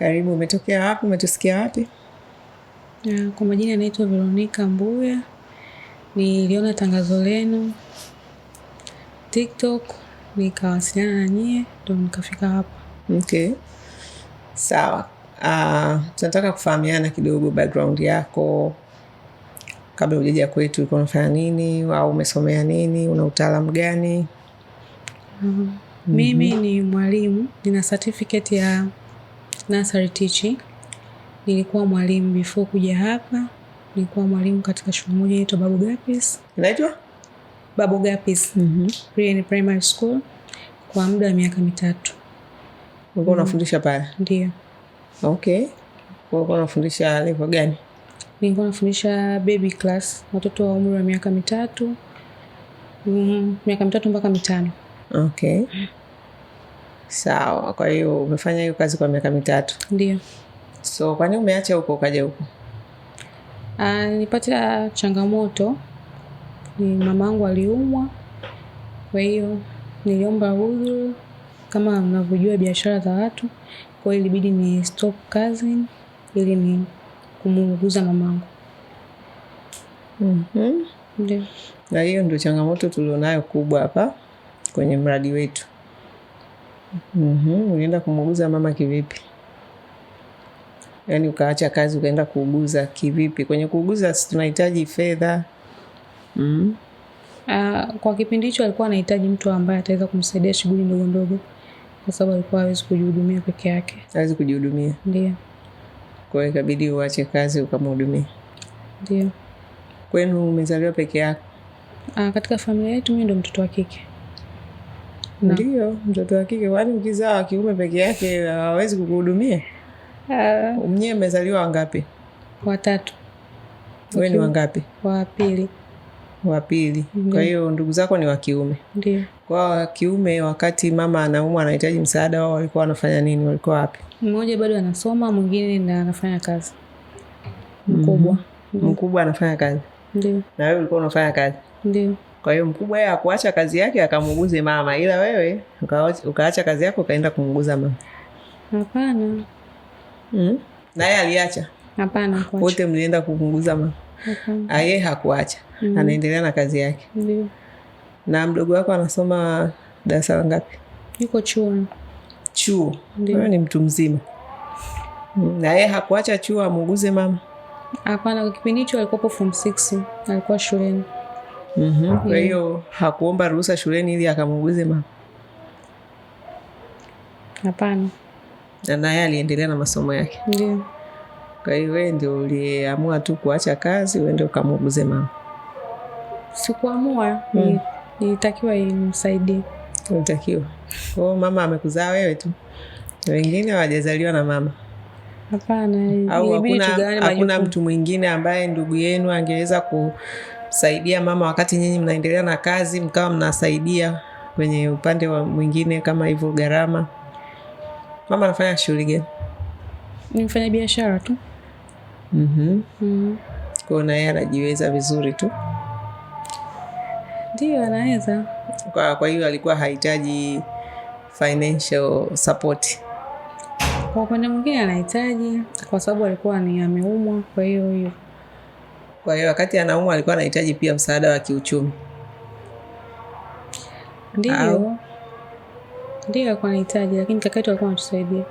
Karibu, umetokea wapi? Umetusikia wapi? Yeah, kwa majina anaitwa Veronica Mbuya. Niliona tangazo lenu TikTok nikawasiliana na nyie ndo nikafika hapa. Okay, sawa. Uh, tunataka kufahamiana kidogo, background yako kabla ujaja kwetu, ulikuwa unafanya nini au umesomea nini? Una utaalamu gani? mm -hmm. Mimi ni mwalimu, nina certificate ya nursery teaching. Nilikuwa mwalimu before kuja hapa, nilikuwa mwalimu katika shule moja inaitwa Babu Gapis. Inaitwa Babu Gapis. Mhm. Mm Pre and primary school kwa muda wa miaka mitatu. Ulikuwa unafundisha mm. pale? Ndio. Okay. Ulikuwa unafundisha level gani? Nilikuwa nafundisha baby class, watoto wa umri wa miaka mitatu. Mm, miaka mitatu mpaka mitano. Okay. Sawa. Kwa hiyo umefanya hiyo kazi kwa miaka mitatu? Ndio. So kwa nini umeacha huko ukaja huko? Uh, nilipata changamoto, ni mamangu aliumwa, kwa hiyo niliomba huyu, Kama unavyojua biashara za watu, kwa hiyo ilibidi ni stop kazi ili ni kumuuguza mamangu. mm-hmm. Ndio, na hiyo ndio changamoto tulionayo kubwa hapa kwenye mradi wetu. Mm-hmm. Unaenda kumuuguza mama kivipi? Yaani ukaacha kazi ukaenda kuuguza kivipi? Kwenye kuuguza si tunahitaji fedha. Mm. Uh, kwa kipindi hicho alikuwa anahitaji mtu ambaye ataweza kumsaidia shughuli ndogo ndogo, kwa sababu alikuwa hawezi kujihudumia peke yake. Hawezi kujihudumia? Ndio. Kwa hiyo ikabidi uache kazi ukamhudumia? Ndio. Kwenu umezaliwa peke yako? Uh, katika familia yetu mimi ndo mtoto wa kike. Ndio, mtoto wa kike, kwani ukizaa wa kiume peke yake hawawezi uh, kukuhudumia? Uh, Mnyewe mmezaliwa wangapi? Watatu. we ni wangapi? wapili wapili Kwa hiyo ndugu zako ni wa kiume? Ndio. Kwa wakiume wakati mama anaumwa, anahitaji msaada, wao walikuwa wanafanya nini? Walikuwa wapi? Mmoja bado anasoma, mwingine na anafanya kazi. Mm-hmm. Mkubwa. Mkubwa anafanya kazi. Ndio. Na wewe ulikuwa unafanya kazi? Ndio. Kwa hiyo mkubwa yeye akuacha kazi yake akamuuguze mama, ila wewe ukaacha kazi yako ukaenda kumuuguza mama. Hapana. Mm? yeye aliacha? Hapana, wote mlienda kumuuguza mama. Hapana. Ah, hakuacha. Mm. Anaendelea na kazi yake. Na mdogo wako anasoma darasa la ngapi? Yuko chuo. Chuo. Ndio. Ni mtu mzima. Hmm. Na yeye hakuacha chuo amuuguze mama. Hapana, kipindi hicho alikuwa form 6, alikuwa shuleni mm-hmm. Kwa hiyo hakuomba ruhusa shuleni ili akamuuguze mama? Hapana. Na naye aliendelea na masomo yake? Ndio. Kwa hiyo wewe ndio uliamua tu kuacha kazi uende ukamuuguze mama? Sikuamua, mm. nilitakiwa mm. nimsaidie. Ulitakiwa. Kwa hiyo mama amekuzaa wewe tu, wengine hawajazaliwa na mama? Hapana. Au hakuna mtu mwingine ambaye ndugu yenu angeweza ku saidia mama wakati nyinyi mnaendelea na kazi, mkawa mnasaidia kwenye upande wa mwingine kama hivyo gharama. Mama anafanya shughuli gani? Ni mfanya biashara tu. Mhm. mm-hmm. mm-hmm. hiyo naye anajiweza vizuri tu, ndio anaweza. Kwa, kwa hiyo alikuwa hahitaji financial support. Kwa upande mwingine anahitaji, kwa sababu alikuwa ni ameumwa, kwa hiyo hiyo kwa hiyo wakati anaumwa alikuwa anahitaji pia msaada wa kiuchumi. Ndio, ndio alikuwa anahitaji, lakini kaka yetu alikuwa anatusaidia.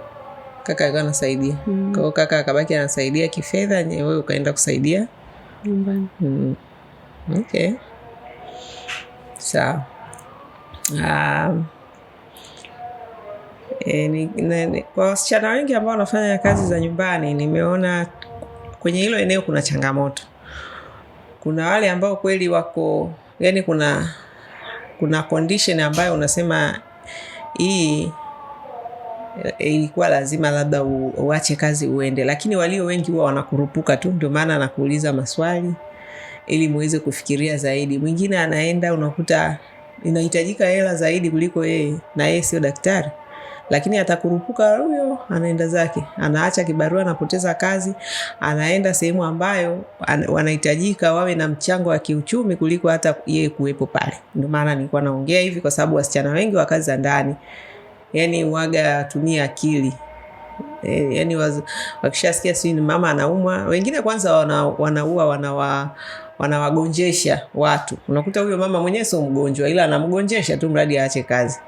Kaka alikuwa anasaidia mm. Kwa hiyo kaka akabaki anasaidia kifedha, wewe ukaenda kusaidia nyumbani mm. Okay, sawa um, E, ni, ni, kwa wasichana wengi ambao wanafanya kazi za nyumbani nimeona kwenye hilo eneo kuna changamoto kuna wale ambao kweli wako yani, kuna kuna condition ambayo unasema hii eh, ilikuwa lazima labda uache kazi uende, lakini walio wengi huwa wanakurupuka tu. Ndio maana anakuuliza maswali ili muweze kufikiria zaidi. Mwingine anaenda unakuta inahitajika hela zaidi kuliko yeye, na yeye sio daktari lakini atakurupuka huyo, anaenda zake, anaacha kibarua, anapoteza kazi, anaenda sehemu ambayo an, wanahitajika wawe na mchango wa kiuchumi kuliko hata yeye kuwepo pale. Ndio maana nilikuwa naongea hivi, kwa sababu wasichana wengi wa kazi za ndani, yani waga tumia akili E, yani wakishasikia sijui ni mama anaumwa, wengine kwanza wana, wanaua wanawa wanawagonjesha watu. Unakuta huyo mama mwenyewe sio mgonjwa, ila anamgonjesha tu mradi aache kazi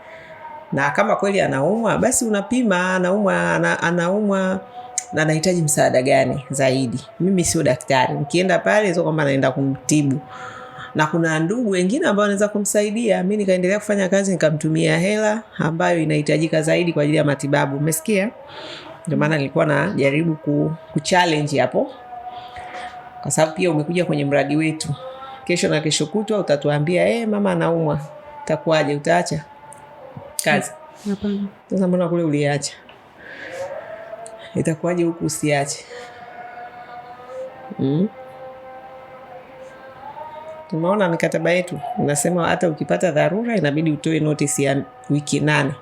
na kama kweli anaumwa basi unapima anaumwa ana, anaumwa na anahitaji msaada gani zaidi. Mimi sio daktari, nikienda pale sio kwamba naenda kumtibu, na kuna ndugu wengine ambao wanaweza kumsaidia. Mi nikaendelea kufanya kazi, nikamtumia hela ambayo inahitajika zaidi kwa ajili ya matibabu. Umesikia? Ndio maana nilikuwa najaribu ku, ku hapo, kwa sababu pia umekuja kwenye mradi wetu. Kesho na kesho kutwa utatuambia, eh, mama anaumwa, utakuwaje? Utaacha? kazi? Hapana. Sasa mbona kule uliacha, itakuwaje huku usiache? mm? Tumeona mikataba yetu unasema hata ukipata dharura inabidi utoe notisi ya wiki nane.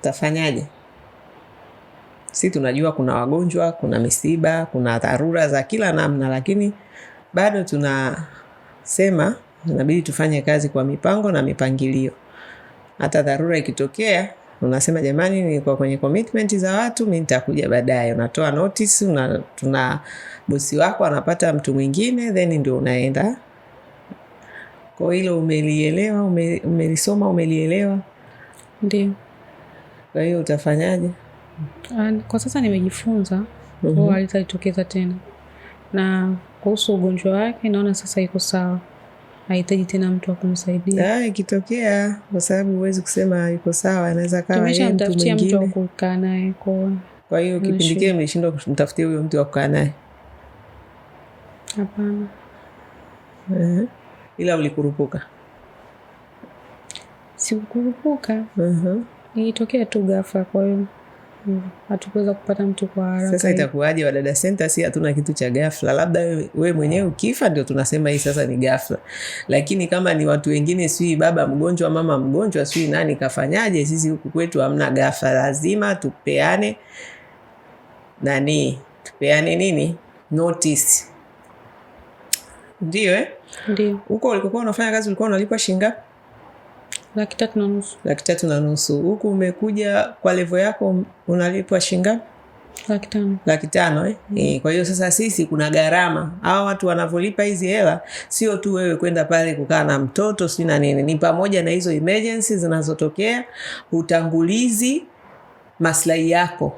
Utafanyaje? Si tunajua kuna wagonjwa, kuna misiba, kuna dharura za kila namna, lakini bado tunasema inabidi tufanye kazi kwa mipango na mipangilio hata dharura ikitokea unasema jamani, nikwa kwenye commitment za watu, mi nitakuja baadaye. Unatoa notice una, tuna bosi wako anapata mtu mwingine then ndio unaenda. Kwa hilo umelielewa, ume, umelisoma, umelielewa, ndio. Kwa hiyo utafanyaje? Kwa sasa nimejifunza, mm -hmm. Alitalitokeza tena na kuhusu ugonjwa wake, naona sasa iko sawa hahitaji tena mtu wa kumsaidia ah, ikitokea, kwa sababu huwezi kusema yuko sawa, anaweza kawa mtu mwingine wa kukaa naye. Kwa hiyo kipindi kile mlishindwa kumtafutia huyo mtu wa kukaa naye? Hapana. Uh-huh. Ila ulikurupuka? Sikukurupuka. uh-huh. Ilitokea tu ghafla, kwa hiyo hatukuweza kupata mtu kwa haraka. Sasa itakuwaje? Wadada senta, si hatuna kitu cha ghafla, labda wewe mwenyewe ukifa ndio tunasema hii sasa ni ghafla, lakini kama ni watu wengine, sijui baba mgonjwa, mama mgonjwa, sijui nani kafanyaje, sisi huku kwetu hamna ghafla, lazima tupeane nani, tupeane nini, notice. Ndio eh? Ndio. Huko ulikokuwa unafanya kazi ulikuwa unalipwa shilingi ngapi? laki tatu na nusu. Laki tatu na nusu huku umekuja kwa levo yako unalipwa shinga Laki tano. Laki tano eh? Mm. E, kwa hiyo sasa sisi kuna gharama hawa watu wanavyolipa hizi hela, sio tu wewe kwenda pale kukaa na mtoto si na nini, ni pamoja na hizo emergency zinazotokea, utangulizi, maslahi yako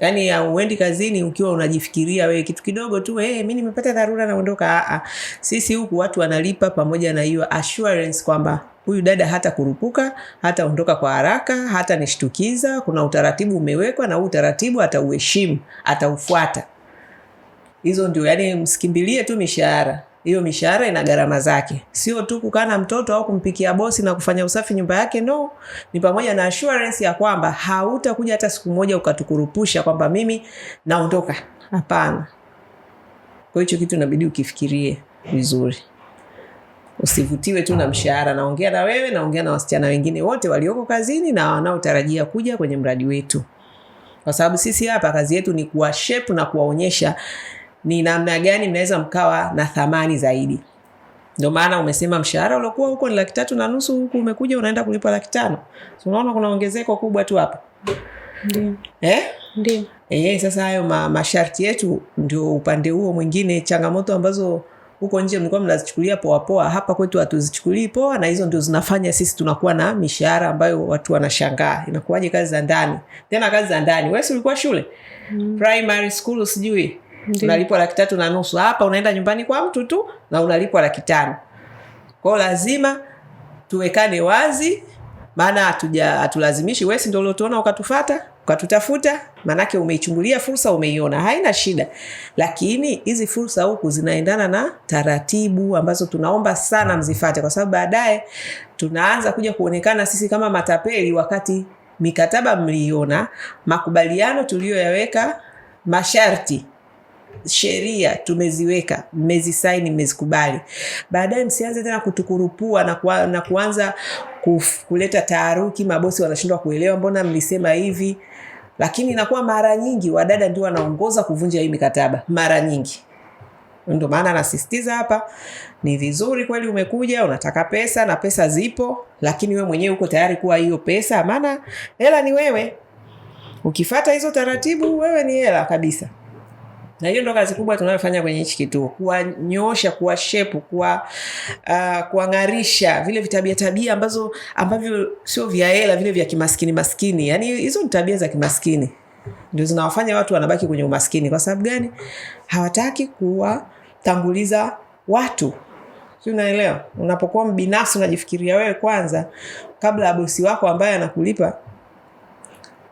Yaani uendi kazini ukiwa unajifikiria wewe kitu kidogo tu, hey, eh, mi nimepata dharura naondoka. sisi huku watu wanalipa pamoja na hiyo assurance kwamba huyu dada hata kurupuka, hata ondoka kwa haraka, hata nishtukiza. Kuna utaratibu umewekwa, na huu utaratibu atauheshimu, ataufuata. Hizo ndio yani, msikimbilie tu mishahara hiyo mishahara ina gharama zake, sio tu kukaa na mtoto au kumpikia bosi na kufanya usafi nyumba yake. No, ni pamoja na assurance ya kwamba hautakuja hata siku moja ukatukurupusha kwamba mimi naondoka. Hapana. Kwa hicho kitu inabidi ukifikirie vizuri. Usivutiwe tu na ah. mshahara. Naongea na wewe, naongea na wasichana wengine wote walioko kazini na wanaotarajia kuja kwenye mradi wetu, kwa sababu sisi hapa kazi yetu ni kuwashape na kuwaonyesha ni namna gani mnaweza mkawa na thamani zaidi. Ndio maana umesema mshahara uliokuwa huko ni laki tatu na nusu, huku umekuja unaenda kulipa laki tano. Unaona kuna ongezeko kubwa tu hapa. Ndio. Eh? Ndio. Eh, sasa hayo ma masharti yetu ndio upande huo mwingine, changamoto ambazo huko nje mlikuwa mnazichukulia poa poa, hapa kwetu hatuzichukulii poa, na hizo ndio zinafanya sisi tunakuwa na mishahara ambayo watu wanashangaa, inakuwaje kazi za ndani? Tena kazi za ndani, wewe ulikuwa shule mm. primary school sijui unalipwa laki tatu na nusu, hapa unaenda nyumbani kwa mtu tu na unalipwa laki tano. Kwao lazima tuwekane wazi, maana hatulazimishi. Wewe ndo ndio uliotuona ukatufata ukatutafuta, maanake umeichungulia fursa, umeiona, haina shida. Lakini hizi fursa huku zinaendana na taratibu ambazo tunaomba sana mzifate, kwa sababu baadaye tunaanza kuja kuonekana sisi kama matapeli, wakati mikataba mliiona, makubaliano tuliyoyaweka, masharti sheria tumeziweka, mmezisaini, mmezikubali. Baadaye msianze tena kutukurupua na, kuwa, na kuanza kuf, kuleta taharuki. Mabosi wanashindwa kuelewa, mbona mlisema hivi? lakini inakuwa mara nyingi wadada ndio wanaongoza kuvunja hii mikataba mara nyingi. Ndio maana nasisitiza hapa, ni vizuri kweli, umekuja unataka pesa na pesa zipo, lakini we mwenyewe uko tayari kuwa hiyo pesa, maana hela ni wewe. Ukifata hizo taratibu, wewe ni hela kabisa na hiyo ndo kazi kubwa tunayofanya kwenye hichi kituo, kuwanyoosha, kuwashepu, ah, kuwang'arisha, uh, vile vitabia tabia ambazo ambavyo sio vya hela, vile vya kimaskini maskini. Yani hizo ni tabia za kimaskini ndio zinawafanya watu wanabaki kwenye umaskini. Kwa sababu gani? Hawataki kuwatanguliza watu. Si unaelewa? Unapokuwa mbinafsi, unajifikiria wewe kwanza kabla ya bosi wako ambaye anakulipa,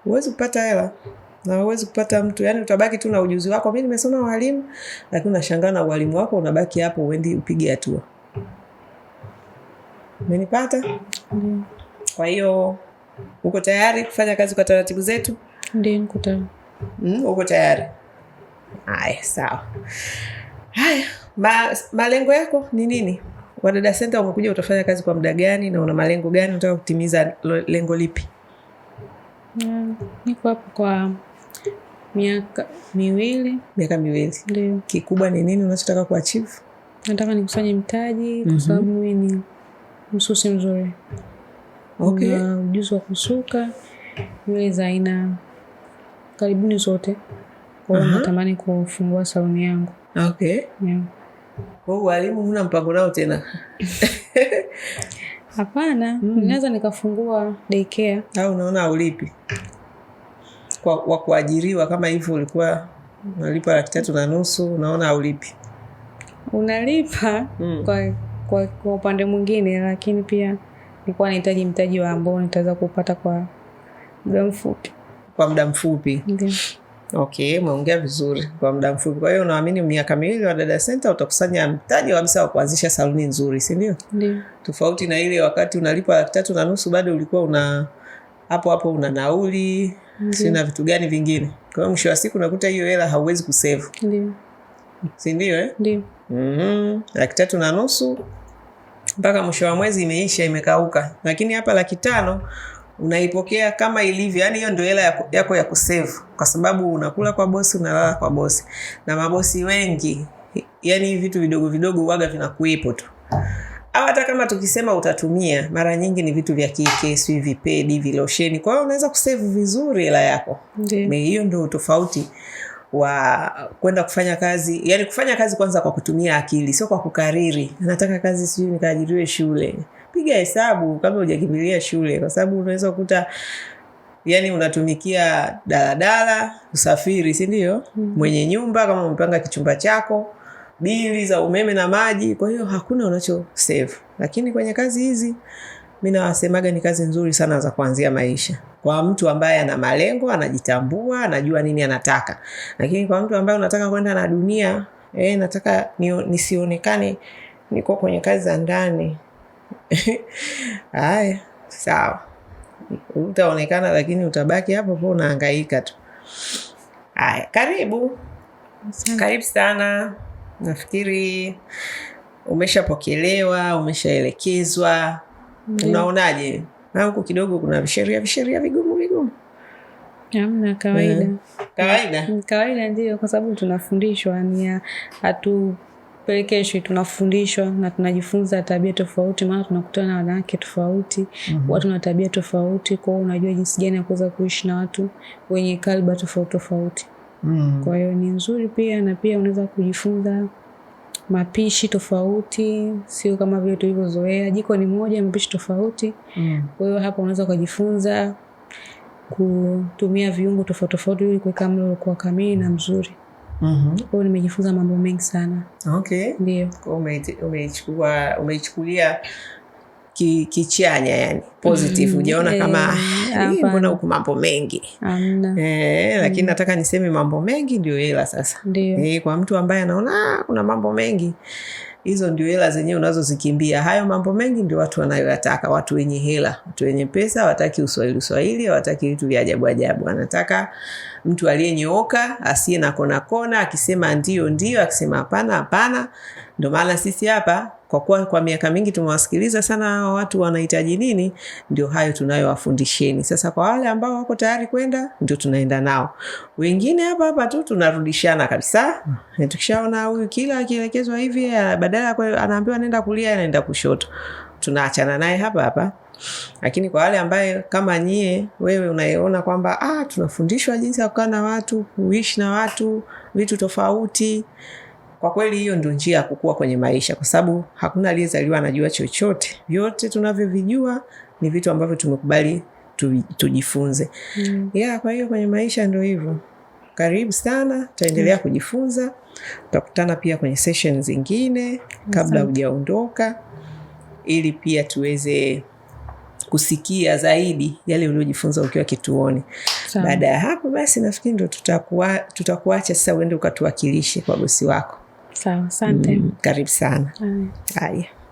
huwezi kupata hela na huwezi kupata mtu yani, utabaki tu na ujuzi wako. Mimi nimesoma walimu, lakini unashangaa na ualimu wako unabaki hapo, uendi upige hatua. Umenipata? Kwa hiyo uko tayari kufanya kazi kwa taratibu zetu? Ndio, niko tayari. Mm, uko tayari? Haya, sawa. Haya, ma, malengo yako ni nini? Wadada Center umekuja, utafanya kazi kwa muda gani na una malengo gani? Unataka kutimiza lengo lipi? Mm, niko hapo kwa miaka miwili, miaka miwili. Kikubwa ni nini unachotaka kuachieve? Nataka nikusanye mtaji kwa mhm. sababu mimi ni msusi mzuri. Okay. Na ujuzi wa kusuka nywele za aina karibuni zote. Kwa hiyo natamani kufungua saluni yangu. Okay. Yeah. Kwa walimu huna mpango nao tena? Hapana, mm. Ninaweza nikafungua daycare. Au unaona aulipi? kwa, wa kuajiriwa kama hivyo ulikuwa unalipa laki tatu na nusu unaona aulipi unalipa mm. kwa, kwa, kwa upande mwingine, lakini pia nilikuwa nahitaji mtaji wa ambao nitaweza kupata kwa muda mfupi kwa muda mfupi Ndiyo. Okay, umeongea vizuri kwa muda mfupi. Kwa hiyo unaamini miaka miwili wa Dada Center utakusanya mtaji kabisa wa kuanzisha saluni nzuri, si ndio? Tofauti na ile wakati unalipa laki tatu na nusu bado ulikuwa una hapo hapo una nauli sina vitu gani vingine. Kwa hiyo mwisho wa siku unakuta hiyo hela hauwezi kusevu si ndio eh? Ndio. Mm-hmm. Laki tatu na nusu mpaka mwisho wa mwezi imeisha, imekauka. Lakini hapa laki tano unaipokea kama ilivyo, yani hiyo ndio hela yako, ya kusevu kwa sababu unakula kwa bosi, unalala kwa bosi, na mabosi wengi, yani vitu vidogo vidogo uwaga vinakuipo tu au hata kama tukisema utatumia, mara nyingi ni vitu vya kike, si vipedi, vilosheni. Kwa hiyo unaweza kusevu vizuri hela yako. Hiyo ndio utofauti wa kwenda kufanya kazi, yani kufanya kazi kwanza kwa kutumia akili, sio kwa kukariri. Nataka kazi sijui nikaajiriwe shule. Piga hesabu kabla hujakimbilia shule, kwa sababu unaweza kukuta yani unatumikia daladala, usafiri, si ndio? mm -hmm. Mwenye nyumba kama umepanga kichumba chako bili za umeme na maji, kwa hiyo hakuna unacho save. Lakini kwenye kazi hizi mi nawasemaga ni kazi nzuri sana za kuanzia maisha kwa mtu ambaye ana malengo, anajitambua, anajua nini anataka. Lakini kwa mtu ambaye unataka kwenda na dunia eh, nataka nisionekane niko kwenye kazi za ndani haya, sawa, utaonekana lakini utabaki hapo po unahangaika tu. Haya, karibu karibu sana. Nafikiri umeshapokelewa, umeshaelekezwa. Mm. Unaonaje? Nangu kidogo kuna visheria visheria vigumu vigumu. amna kawaida. Eh, kawaida, mm, kawaida ndio, kwa sababu tunafundishwa ni hatu pelekeshwi tunafundishwa na tunajifunza tabia tofauti, maana tunakutana na wanawake tofauti. mm -hmm. Watu na tabia tofauti, kwao unajua jinsi gani ya kuweza kuishi na watu wenye kalba tofauti tofauti. Mm. Kwa hiyo ni nzuri pia, na pia unaweza kujifunza mapishi tofauti, sio kama vile tulivyozoea. Jiko ni moja, mapishi tofauti. Mm. Kwa hiyo hapa unaweza ukajifunza kutumia viungo tofauti tofauti ili kuweka mlo kwa kamili na mzuri. Mm-hmm. Kwa hiyo nimejifunza mambo mengi sana. Okay. Ndio. Umeichukulia kichanya ki, yani positive mm, ujaona hey, kama eh, mbona huku mambo mengi e, lakini mm. nataka niseme mambo mengi ndio hela sasa e, kwa mtu ambaye anaona ah, kuna mambo mengi hizo ndio hela zenyewe unazozikimbia. Hayo mambo mengi ndio watu wanayoyataka, watu wenye hela, watu wenye pesa. Wataki uswahili uswahili, wataki vitu vya ajabu ajabu, anataka mtu aliyenyooka, asiye na kona kona, akisema ndio ndio, akisema hapana hapana. Ndio maana sisi hapa kwa kuwa kwa miaka mingi tumewasikiliza sana hawa watu wanahitaji nini, ndio hayo tunayowafundisheni. Sasa kwa wale ambao wako tayari kwenda, ndio tunaenda nao. Wengine hapa hapa tu tunarudishana kabisa. Hmm. Tukishaona huyu kila akielekezwa hivi, badala anaambiwa nenda kulia, anaenda kushoto, tunaachana naye hapa hapa lakini kwa wale ambaye kama nyie wewe unayeona kwamba ah, tunafundishwa jinsi ya kukaa na watu, kuishi na watu, vitu tofauti kwa kweli hiyo ndio njia ya kukua kwenye maisha, kwa sababu hakuna aliyezaliwa anajua chochote. Vyote tunavyovijua ni vitu ambavyo tumekubali tu, tujifunze. Mm. ya Yeah, kwa hiyo kwenye maisha ndio hivyo. Karibu sana, tutaendelea mm. kujifunza. Tutakutana pia kwenye session zingine kabla hujaondoka, ili pia tuweze kusikia zaidi yale uliojifunza ukiwa kituoni. Baada ya hapo basi, nafikiri ndo tutakuacha sasa uende ukatuwakilishe kwa bosi wako. Sawa, asante. Mm, karibu sana. Haya.